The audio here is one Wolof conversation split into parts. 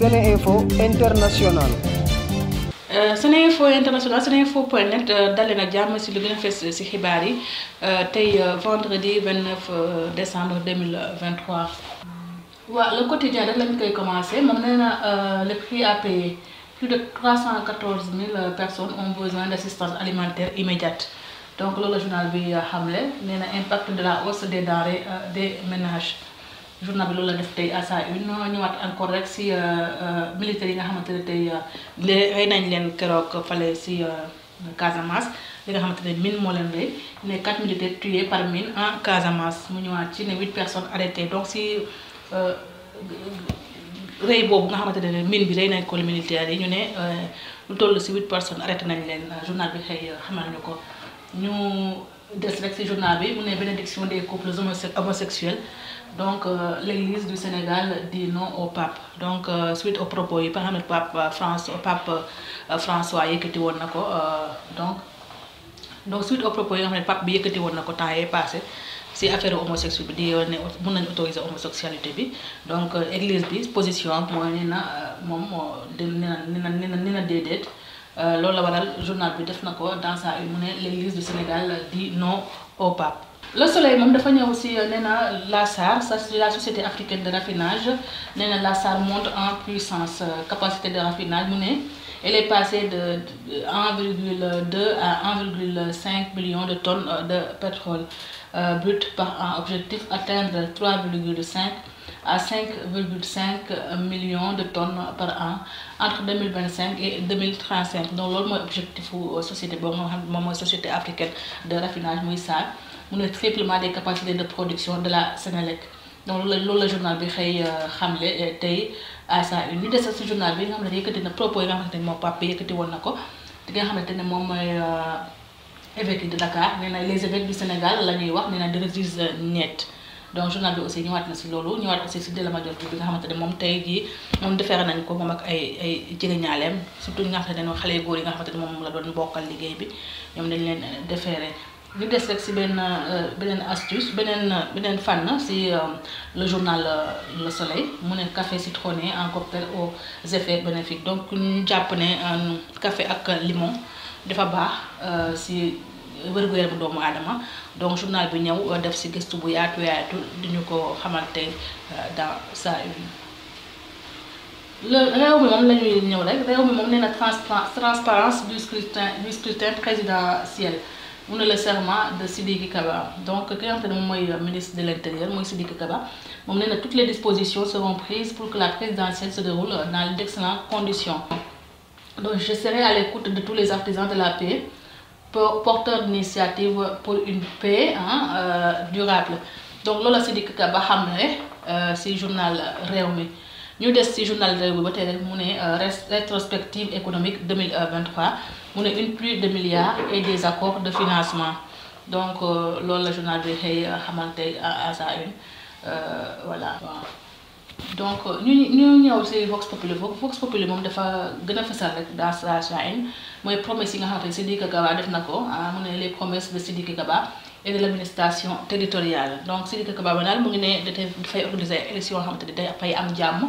SeneInfo International euh, SeneInfo International SeneInfo point net euh, dalee nag jàmm si lu gën a fees si xibaar yi euh, tey vendredi 29 décembre 2023 waaw le quotidien rek lañ koy commencé moom nee na le prix à payer plus de 314 000 personnes ont besoin d' assistance alimentaire immédiate donc loolu journal bi xamle nee na impact de la hausse des denrées des ménages journal bi loolu la def tey à sa une ñëwaat encore rek si euh, euh, militaires yi nga xamante ne tey euh, rey nañ leen keroog fale si Casamance li nga xamante ne mine moo leen rey ne quatre militaires tués par mine en Casamance mu ñëwaat ci ne huit personnes arrêtées donc si rey boobu nga xamante ne mine bi rey nañ ko militaires yi ñu ne lu toll si huit personnes arrêté nañ leen journal bi xëy xamal ko des rek ci journal bi mu ne bénédiction des couples homosexuels donc euh, l'église du Sénégal di non au pape donc euh, suite aux propos yi par exemple pape euh, France pape euh, François yëkkati woon na ko euh, donc donc suite aux propos yi nga xam ne pape bi yëkkati woon na ko temps yee passé ci affaire homosexuel bi di ne mën nañu autoriser homosexualité bi donc église bi position mooy nee na moom nee na ni na nee na déedéet. Euh, loolu la waral journal bi def na ko dans sa mu ne l'église du Sénégal di non au pape. le soleil moom dafa ñëw aussi euh, nee na la SAR la société africaine de raffinage nee na la SAR monte en puissance euh, capacité de raffinage mu ne elle est passée de 1,2 à 1,5 million de tonnes de pétrole brut par an objectif atteindre 3,5 à 5,5 millions de tonnes par an entre 2025 mille 2035 donc loolu mooy objectifu euh, société boobu nga xam moom mooy société africaine de raffinage muy SAR mu ne triplement des capacités de production de la Sénélec donc loolu la loolu la journal bi xëy euh, xamle euh, tey à saa une ñu desal si journal bi nga xam ne yëkkati na propos yi nga xamante ne moom yëkkati woon na ko te nga xamante ne moom mooy évêque de Dakar nee na les évêques Sénégal la ñuy wax nee na net donc journal bi aussi ñëwaat na si loolu ñëwaat aussi si Ndella Madior Diop bi nga xamante ne moom tey jii moom defeere nañ ko moom ak ay ay jegeñaaleem surtout ñi nga xamante ne xale góor yi nga xamante ne moom la doon bokkal liggéey bi ñoom dañ leen defeere ñu des rek si benn euh, beneen astuce beneen beneen fànn si euh, le journal euh, Le Soleil mu ne café citronné en cocktail aux effets bénéfiques donc ñu jàpp ne café ak limon dafa baax si wér bu doomu aadama donc journal bi ñëw euh, def ci gëstu bu yaatu yaatu di ñu ko xamante euh, dans sa une. réew mi moom la ñuy ñëw rek réew mi moom nee na transparence du scrutin du scrutin présidentiel mu ne le serment de Sidiki Kaba donc ki nga mooy euh, ministre de l' intérieur mooy Sidiki Kaba moom nee na toutes les dispositions seront prises pour que la présidentielle se déroule dans d'excellentes conditions donc je serai à l'écoute de porteur d'initiative pour une paix hein, euh, durable donc loolu la Sidiki Kaba xamle euh, ci journal mi ñu des ci journal Rewmi ba tey rek mu ne euh, rétrospective économique 2023 mu ne une pluie de milliards et des accords de financement donc loolu la journal bi xëy xamal tey à sa une voilà. donc euh, ñu ñu ñëw si Vox Populi Vox Populi moom dafa gën a fësal rek dans sa chaîne mooy promesse yi nga xamante ne Sidiki Kaba def na ko ah, mu ne les promesses de Sidiki Kaba et de donc Sidiki daal mu ngi ne dafay organiser élection yoo xamante ne dafay am jàmm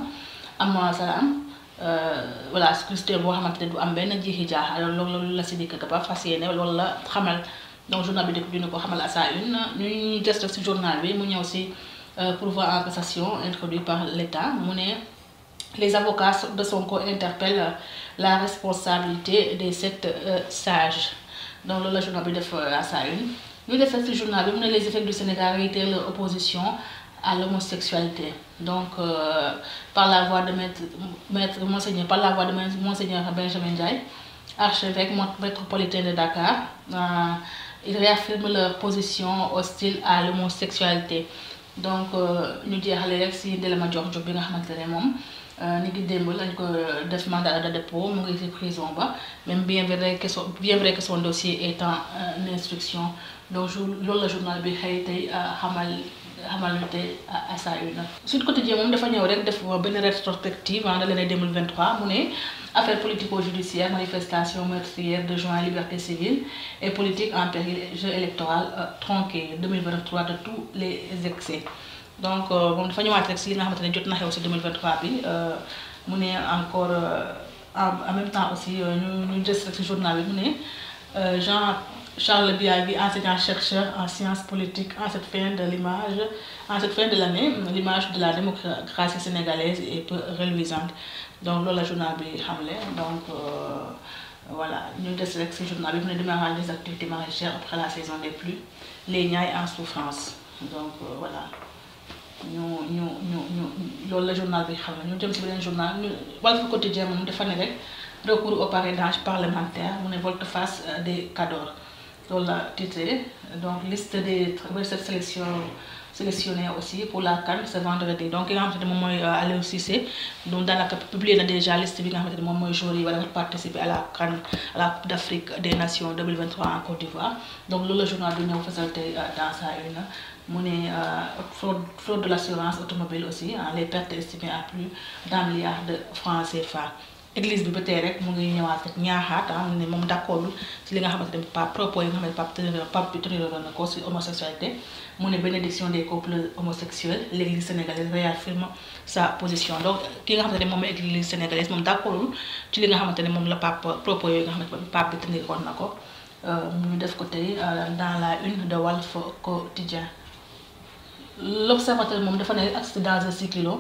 am salaam euh, voilà scrutin boo xamante ne du am benn jiixi jaaxa loolu la Sidiki Kaba fas yéene loolu la xamal donc journal bi dëkk bi ñu ko xamal à sa une ñu ñuy des rek si journal bi mu ñëw si. Euh, pourvoi en cassation introduit par l'État mu ne les avocats de Sonko interpellent euh, la responsabilité des sept euh, sage donc loolu la journal bi def à sa une ñu defee ci journal les effets du Sénégal réitèrent leur opposition à l'homosexualité donc par la voix de maître maître monseigneur par la voix de monseigneur Benjamin Ndiaye archevêque métropolitain de Dakar il réaffirme leur position hostile à l'homosexualité donc euh, ñu jeexale rek si Ndelema Dior Diop bi nga xamante ne moom euh, ni ngi démb lañ ko euh, def mandat de dépôt mu ngi si prison ba même bien vrai que son bien vrai que son dossier est en instruction donc loolu la journal bi xëy tey xamal. xamante asa yu nag Sud Quotidien moom dafa ñëw rek def benn rétrospective en de l'année 2023 mu ne affaire politico-judiciaire manifestation meurtrière de juin liberté civile et politique en péril jeu électoral euh, tronqué 2023 de tous les excès donc euh, moom dafa ñëwaat rek si li nga xamante ne jot na xew si 2023 bi euh, mu ne encore en même temps aussi ñu ñu des rek si journal bi mu ne Jean Charles Biagui, ah, enseignant-chercheur en sciences politiques en cette fin de l'image, en cette fin de l'année, l'image de la démocratie sénégalaise est peu reluisante. Donc loolu la journal bi xamle donc euh, ñu des rek si journal bi mu ne démarrage des saison des pluies les Niayes en souffrance donc euh, voilà ñu ñu ñu ñu loolu la journal bi xam ne ñu jëm si beneen journal ñu Walf Quotidien moom dafa ne rek recours au parrainage parlementaire mu ne volte face euh, des cadors lool la titré donc liste des sélection sélectionnés aussi pour la CAN ce vendredi donc ki nga xamante ne moom mooy euh, Aliou Cissé donc na déjà liste bi nga xam ne moom mooy joueurs yi wala participer à la CAN à la Coupe d'Afrique des Nations en Côte d'Ivoire donc loolu la journal bi ñëw fësal tey euh, dans sa une mu ne euh, fraude fraude de l'assurance automobile aussi les pertes estimées à plus d'un milliard de francs CFA église bi ba tey rek mu ngi ñëwaat ak ñaaxaat am ah, ne moom d'accord ci li nga xamante ne Pape propos yi nga xam ne Pape tënëral Pape bi tënëral na ko ci homosexualité mu ne bénédiction des couples homosexuels l'église sénégalaise réaffirme sa position donc ki nga xamante ne moom église sénégalaise moom d'accord ci li nga xamante ne moom la Pape propos yooyu nga xamante ne Pape bi tënëral na ko euh, mu def ko tey euh, dans la une de Walf Quotidien l'observateur moom dafa ne accident dans un cyclo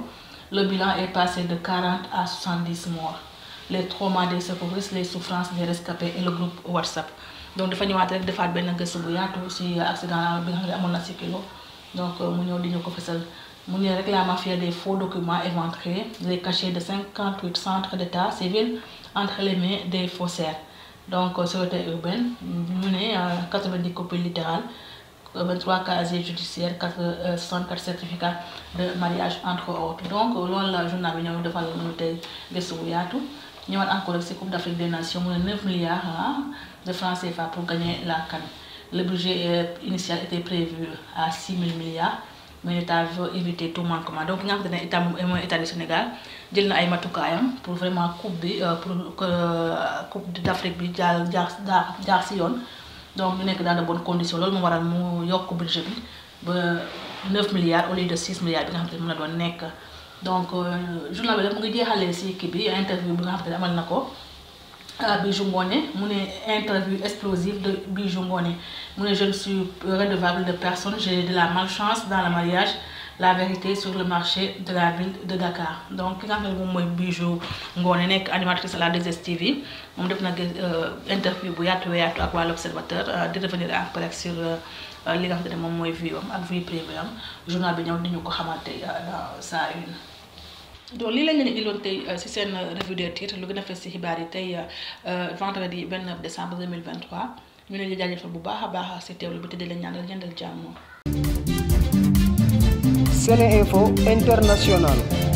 le bilan est passé de 40 à 70 morts les traumas des secouristes les souffrances des rescapés et le groupe WhatsApp donc dafa ñëwaat rek defaat benn gëstu bu yaatu si accident bi nga xam ne amoon na si kilo donc euh, mu ñëw di ñu ko fesal mu ne rek la mafia des faux documents éventrés les cachets de 58 centres d'état civil entre les des faussaires donc euh, sécurité urbaine mu ne 90 euh, copies littérales 23 casiers judiciaires 4 64 certificats de mariage entre autres donc loolu la journal bi ñëw defal ñu tey gëstu bu yaatu ñëwaat encore rek si Coupe d'Afrique des Nations mu ne 9 milliards de francs CFA pour gagner la CAN le budget euh, initial était prévu à 6 000 milliards mais l'État veut éviter tout manquement donc nga xamante ne état moom du Sénégal jël na ay matukaayam pour vraiment coupe bi euh, pour que euh, Coupe d'Afrique bi jaar jaar jaar si yoon donc ñu nekk dans de bonnes conditions loolu moo waral mu yokk budget bi ba 9 milliards au lieu de 6 milliards bi nga xamante ne mën na doon nekk. donc euh, journal bi nag ngi jeexalee si kii bi interview bi nga xam te ne amal na ko euh, Bijou Ngoné mu ne interview explosive de Bijou Ngoné mu ne je ne suis de personne de la malchance dans le la vérité sur le marché de la ville de Dakar donc ki nga xam ne moom mooy Bijou Ngoné nekk animatrice la 2 moom def na euh, interview bu yaatu yaatu ak waa l'Observateur di revenir li moom mooy vie ak vie am journal bi ñëw nañu ko xamante saa une. donc lii lañ leen indiloon tey ci euh, seen euh, revue des titres lu gën a fës ci xibaar yi tey euh, vendredi 29 décembre 2023 ñu ne di jaajëfal bu baax a baax ci teewlu bi te di leen ñaanal jëndal jàmm. Sene Info International.